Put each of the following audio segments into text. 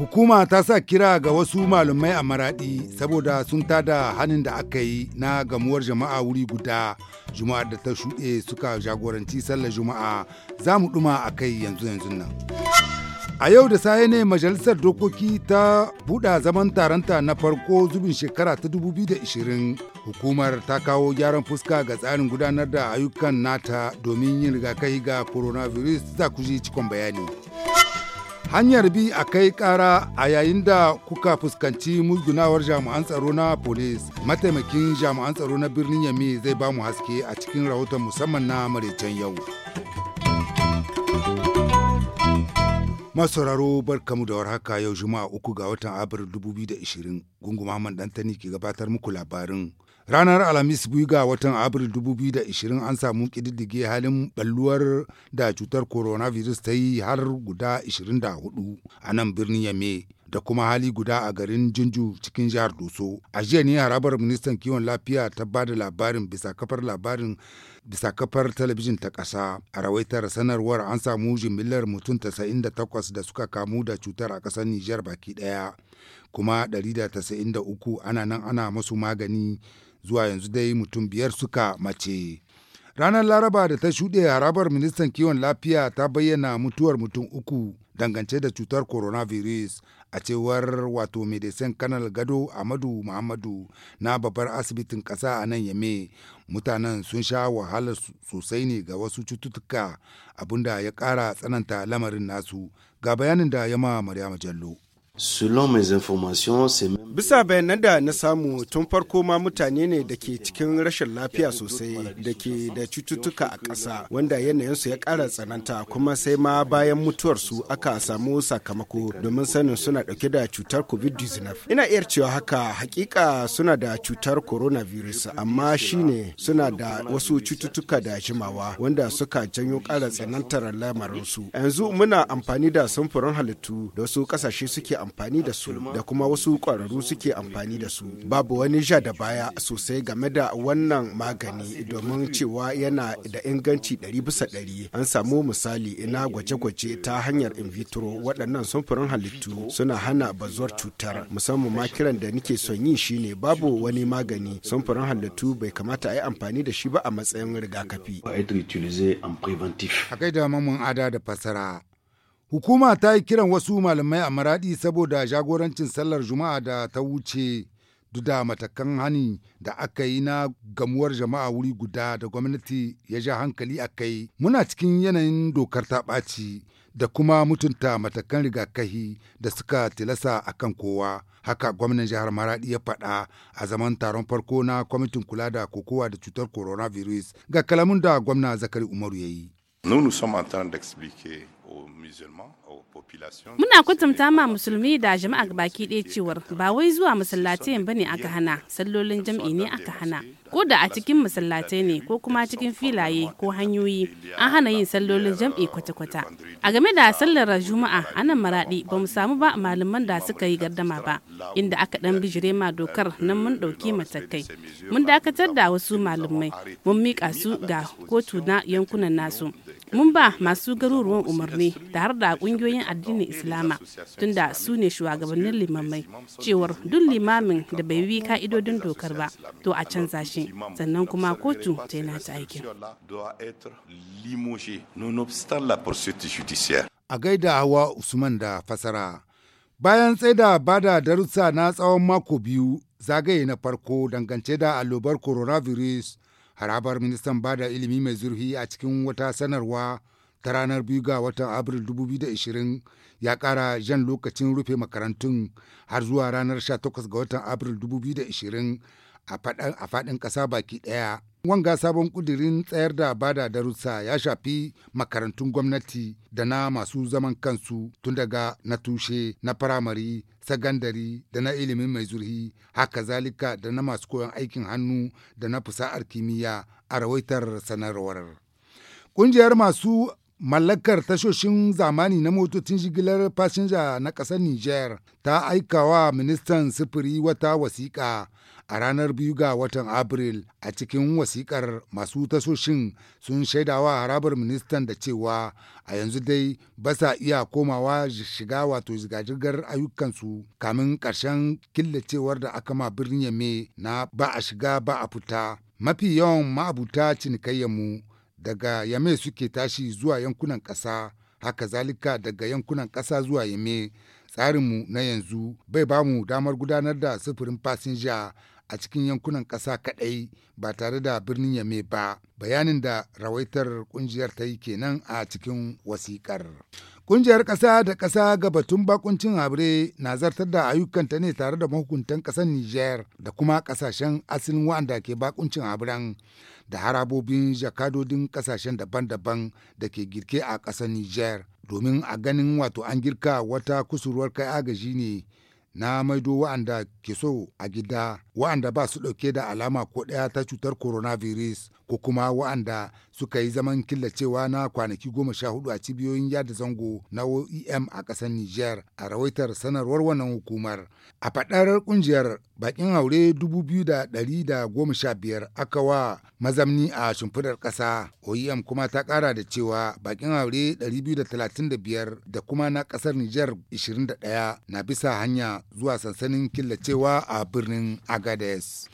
Hukuma ta sa kira ga wasu malumai a maraɗi saboda sun tada hannun da aka yi na gamuwar jama'a wuri guda juma'ar da ta shuɗe suka jagoranci sallar juma'a za mu ɗuma a kai yanzu yanzu nan. A yau da saye ne majalisar dokoki ta buɗa zaman taronta na farko zubin shekara ta 2020 hukumar ta kawo gyaran fuska ga tsarin gudanar da ayyukan nata domin yin rigakai ga coronavirus za ku ji cikon bayani. hanyar bi a kai kara a yayin da kuka fuskanci musgunawar jami'an tsaro na polis mataimakin jami'an tsaro na birnin yami zai ba mu haske a cikin rahoton musamman na maraicen yau masauraro kamu da warhaka yau juma'a uku ga watan abril 2020 Gunguma muhammad dantani ke gabatar muku labarin Ranar Alhamis biyu ga watan Abril 2020 an samu kididdige halin balluwar da cutar coronavirus ta yi har guda 24 a nan birnin Yame. da kuma hali guda a garin Jinju cikin jihar Doso. A jiya ne harabar ministan kiwon lafiya ta ba da labarin bisa kafar labarin bisa kafar talabijin ta ƙasa. A rawaitar sanarwar an samu jimillar mutum 98 da suka kamu da cutar a ƙasar Nijar baki ɗaya, kuma 193 ana nan ana masu magani. zuwa yanzu dai mutum biyar suka mace. Ranar Laraba da ta shuɗe harabar ministan kiwon lafiya ta bayyana mutuwar mutum uku dangance da cutar coronavirus a cewar wato medecin kanal gado amadu muhammadu na babbar asibitin ƙasa a nan yame mutanen sun sha wahala sosai ne ga wasu cututtuka abinda ya kara tsananta lamarin nasu ga bayanin da ya ma maryama jallo Selon mes informations, c'est Bisa bayanan da na samu tun farko ma mutane ne da ke cikin rashin lafiya sosai da ke da cututtuka a ƙasa wanda yanayinsu ya ƙara tsananta kuma sai ma bayan mutuwarsu aka samu sakamako domin sanin suna ɗauke da cutar COVID-19. Ina iya cewa haka hakika suna da cutar coronavirus amma shine suna da wasu cututtuka da jimawa wanda suka janyo ƙara tsanantar lamarinsu. Yanzu muna amfani da samfurin halittu da wasu ƙasashe suke amfani amfani da su da kuma wasu ƙwararru suke amfani da su babu wani ja da baya sosai game da wannan magani domin cewa yana da inganci 100 bisa ɗari an samu misali ina gwaje-gwaje ta hanyar in vitro waɗannan samfurin halittu suna hana bazuwar cutar musamman ma kiran da nike son yi shine babu wani magani samfurin halittu bai kamata a yi amfani da shi ba a matsayin rigakafi. A gaida mun ada da fasara Hukuma ta yi kiran wasu malamai a maraɗi saboda jagorancin sallar Juma'a da ta wuce duk da matakan hani da aka yi na gamuwar jama'a wuri guda da gwamnati ya ja hankali a kai. Muna cikin yanayin dokar ta ɓaci da kuma mutunta matakan rigakahi da suka tilasa a kan kowa. Haka gwamnan jihar maraɗi ya faɗa a zaman taron farko na kwamitin kula da kokowa da cutar coronavirus ga kalamun da gwamna Zakari Umaru ya yi. musulmans Muna kwatanta ma musulmi da jama'a baki ɗaya cewar ba wai zuwa masallatai ba ne aka hana, sallolin jam'i ne aka hana. Ko da a cikin masallatai ne ko kuma cikin filaye ko hanyoyi an hana yin sallolin jam'i kwata-kwata. A game da sallar juma'a a nan maraɗi ba mu samu ba malaman da suka yi gardama ba, inda aka ɗan bijire ma dokar nan mun ɗauki matakai. Mun dakatar da wasu malamai, mun miƙa su ga kotu na yankunan nasu. Mun ba masu garuruwan umarni tare da ƙungiyar kungiyoyin addinin islama tunda su ne shugabannin limamai cewar duk limamin da bai bi ka'idodin dokar ba to a canza shi sannan kuma kotu ta yi nata aikin a gaida hawa usman da fasara bayan tsaida bada darussa na tsawon mako biyu zagaye na farko dangance da allobar coronavirus harabar ministan bada ilimi mai zurfi a cikin wata sanarwa ta ranar biyu ga watan Abril 2020 ya kara jan lokacin rufe makarantun har zuwa ranar 18 ga watan Abril 2020 a faɗin ƙasa baki ɗaya. Wanga sabon kudirin tsayar da bada darussa ya shafi makarantun gwamnati da na masu zaman kansu tun daga na tushe na firamare, sagandari da na ilimin mai zurhi, haka zalika da na masu koyon aikin hannu da na fusa'ar kimiyya a rawaitar sanarwar. Ƙungiyar masu mallakar tashoshin zamani na motocin jigilar fasinja na ƙasar Nijar ta aikawa ministan sufuri wata wasiƙa a ranar biyu ga watan Abril a cikin wasiƙar masu tasoshin sun shaidawa harabar ministan da cewa a yanzu dai ba sa iya komawa shiga wato zigajirgar ayyukansu kamin ƙarshen killacewar da aka ma birnin Yame na ba a shiga ba a fita. Mafi yawan ma'abuta mu. daga yame suke tashi zuwa yankunan ƙasa haka zalika daga yankunan ƙasa zuwa yame tsarinmu na yanzu bai bamu damar gudanar da sufurin fasinja a cikin yankunan ƙasa kaɗai ba tare da birnin Yame ba, bayanin da rawaitar ƙungiyar ta yi kenan a cikin wasiƙar. Ƙungiyar ƙasa da ƙasa ga batun bakuncin habre na zartar da ayyukanta ne tare da mahukuntan ƙasar Nijar da kuma ƙasashen asalin wa'anda ke bakuncin habren da harabobin jakadodin ƙasashen daban-daban da ke girke a ƙasar Nijar domin a ganin wato an girka wata kusurwar kai agaji ne na maido wa'anda ke so a gida wa'anda ba su dauke da alama ko ɗaya ta cutar coronavirus ko kuma wa'anda suka yi zaman killacewa na kwanaki goma sha hudu a cibiyoyin yada zango na oem a ƙasar niger a rawaitar sanarwar wannan hukumar a fadarar ƙungiyar bakin haure biyar aka wa mazamni a shimfidar ƙasa oem kuma ta kara da cewa bakin haure biyu da talatin da da biyar kuma na ƙasar niger daya na bisa hanya zuwa sansanin killacewa a birnin agades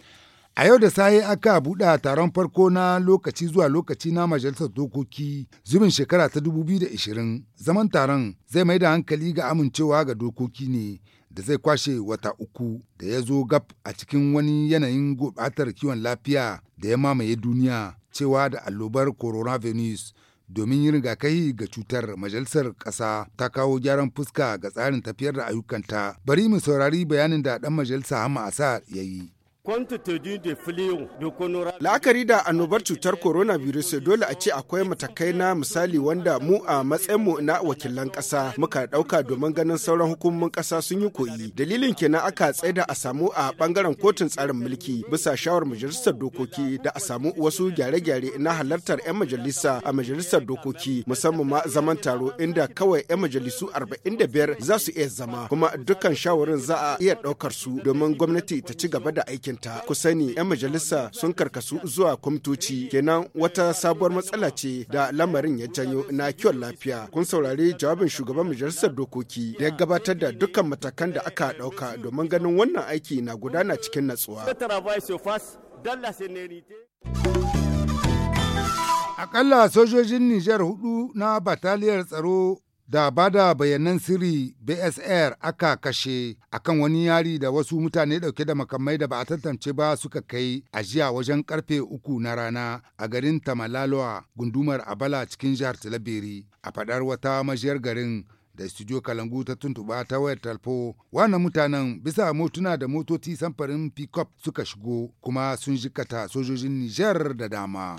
A yau da saye aka buɗa taron farko na lokaci zuwa lokaci na majalisar dokoki zubin shekara ta 2020. Zaman taron zai mai da hankali ga amincewa ga dokoki ne da zai kwashe wata uku da ya zo gab a cikin wani yanayin gobatar kiwon lafiya da ya mamaye duniya cewa da allobar coronavirus domin yin rigakafi ga cutar majalisar ƙasa ta kawo gyaran fuska ga tsarin tafiyar da ayyukanta. Bari mu saurari bayanin da ɗan majalisa Hama asar ya yi. La'akari da annobar cutar coronavirus dole a ce akwai matakai na misali wanda mu a matsayinmu na wakilan ƙasa muka ɗauka domin ganin sauran hukumomin ƙasa sun yi koyi. Dalilin kenan aka tsaida a samu a ɓangaren kotun tsarin mulki bisa shawar majalisar dokoki da a samu wasu gyare-gyare na halartar 'yan majalisa a majalisar dokoki musamman ma zaman taro inda kawai 'yan majalisu 45 za su iya zama kuma dukkan shawarin za a iya ɗaukar su domin gwamnati ta ci gaba da aikin kanta ku 'yan majalisa sun karkasu zuwa kwamtoci kenan wata sabuwar matsala ce da lamarin ya janyo na kiwon lafiya kun saurari jawabin shugaban majalisar dokoki da ya gabatar da dukkan matakan da aka ɗauka domin ganin wannan aiki na gudana cikin natsuwa. Akalla sojojin Nijar hudu na bataliyar tsaro da ba da bayanan sirri bsr aka kashe akan wani yari da wasu mutane dauke da makamai da ba a tantance ba suka kai a jiya wajen karfe uku na rana a garin tamalalwa gundumar abala cikin jihar talabiri a fadar wata majiyar garin da studio kalangu ta tuntuba ta wayar talfo wannan mutanen bisa motuna da motoci samfarin pickup suka shigo kuma sun jikata sojojin niger da dama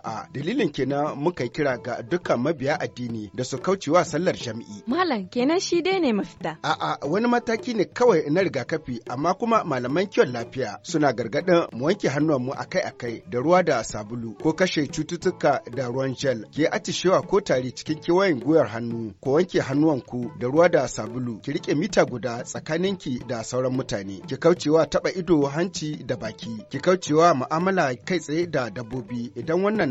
jama'a dalilin kenan muka kira ga dukkan mabiya addini da su kaucewa sallar jam'i. Malam kenan shi dai ne mafita. A'a wani mataki ne kawai na rigakafi amma kuma malaman kiwon lafiya suna gargadin mu wanke hannuwanmu akai-akai da ruwa da sabulu ko kashe cututtuka da ruwan gel ke atishewa ko tari cikin kewayen guyar hannu ko wanke hannuwanku da ruwa da sabulu ki rike mita guda tsakaninki da sauran mutane ki kaucewa taba ido hanci da baki ki kaucewa mu'amala kai tsaye da dabbobi idan wannan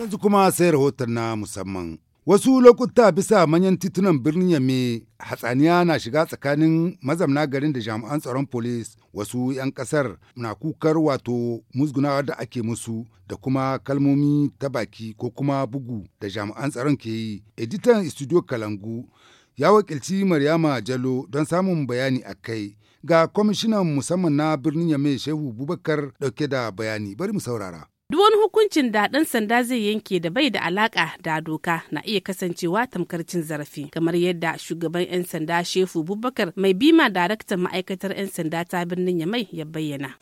Yanzu kuma sai rahoton na musamman. Wasu lokuta bisa manyan titunan birnin Yame, hatsaniya na shiga tsakanin mazamna garin da jami'an tsaron polis wasu 'yan kasar na kukar wato musgunawa da ake musu da kuma kalmomi ta baki ko kuma bugu da jami'an tsaron ke yi. Editan Studio Kalangu ya wakilci Maryama Jalo don samun bayani a kai ga kwamishinan musamman na birnin Yame Shehu Bubakar dauke da bayani bari mu saurara. Duk wani hukuncin da ɗan sanda zai yanke da bai da alaka da doka na iya kasancewa tamkar cin zarafi kamar yadda shugaban 'yan sanda Shefu Bubakar mai bima daraktan ma'aikatar 'yan sanda ta birnin Yamai ya bayyana.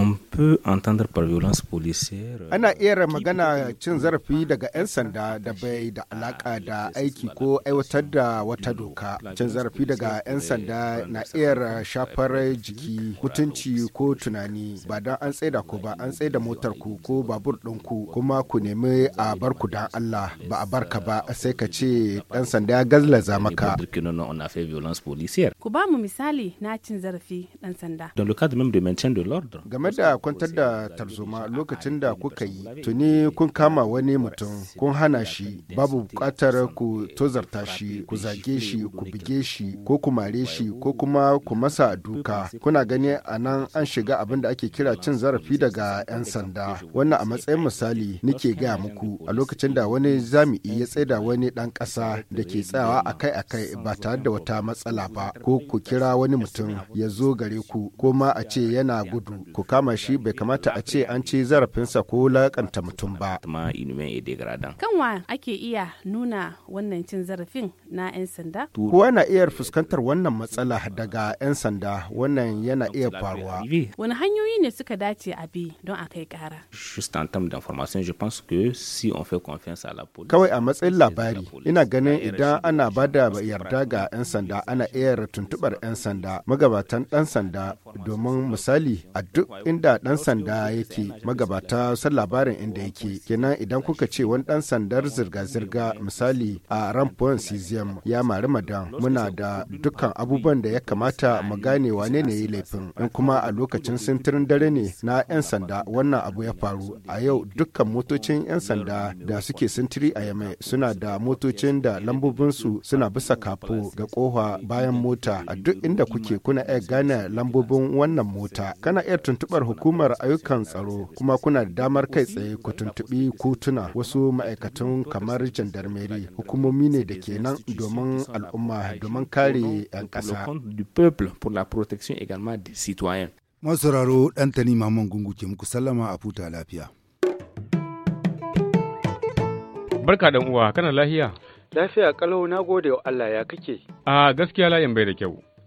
Ana iya magana cin zarafi daga 'yan sanda da bai da alaka da aiki ko aiwatar da wata doka. Cin zarafi daga 'yan sanda na iya shafar jiki, mutunci ko tunani ba don an tsaida ku ba an tsaida motar ku ko babur ɗinku kuma ku nemi a bar ku don Allah ba a barka ba sai ka ce ɗan sanda ya gazlaza maka. Ku ba mu misali na cin zarafi ɗan sanda. Game da kwantar da tarzoma lokacin da kuka yi tuni kun kama wani mutum kun hana shi babu bukatar ku tozarta shi ku zage shi ku bige shi ko ku mare shi ko kuma ku masa duka kuna gani a nan an shiga abin da ake kira cin zarafi daga 'yan sanda wannan a matsayin misali nike gaya muku a lokacin da wani zami'i ya tsaida wani dan ƙasa da ke tsayawa akai-akai ba tare da wata matsala ba ko ku kira wani mutum ya zo gare ku ko ma a ce yana gudu ku kama shi bai kamata a ce an ci zarafinsa ko lakanta mutum ba. Kanwa ake iya nuna wannan cin zarafin na 'yan sanda? Kowa na iya fuskantar wannan matsala daga 'yan sanda wannan yana iya faruwa. Wani hanyoyi ne suka dace a bi don a kai kara? Kawai a matsayin labari, ina ganin idan ana ba da yarda ga 'yan sanda ana iya tuntubar 'yan sanda magabatan ɗan sanda domin misali a duk inda dan sanda yake magabata san labarin inda yake kenan idan kuka ce wani dan sandar zirga-zirga misali a rampon cesium ya mari madan muna da dukkan abubuwan da ya kamata mu gane wane ne ya laifin in kuma a lokacin sintirin dare ne na 'yan sanda wannan abu ya faru a yau dukkan motocin 'yan sanda da suke sintiri a yamai suna da motocin da lambobinsu suna bisa kafo ga kofa bayan mota a duk inda kuke kuna iya gane lambobin wannan mota kana iya tuntubar hukumar hukumar ayyukan tsaro kuma kuna da damar kai tsaye ku tuntubi kotuna wasu ma'aikatan kamar jandarmeri hukumomi ne da ke nan domin al'umma domin kare 'yan ƙasa. Masauraro ɗan tani maman gungu ke muku sallama a futa lafiya. Barka dan uwa kana lafiya? Lafiya kalau na gode wa Allah ya kake. A gaskiya layin bai da kyau.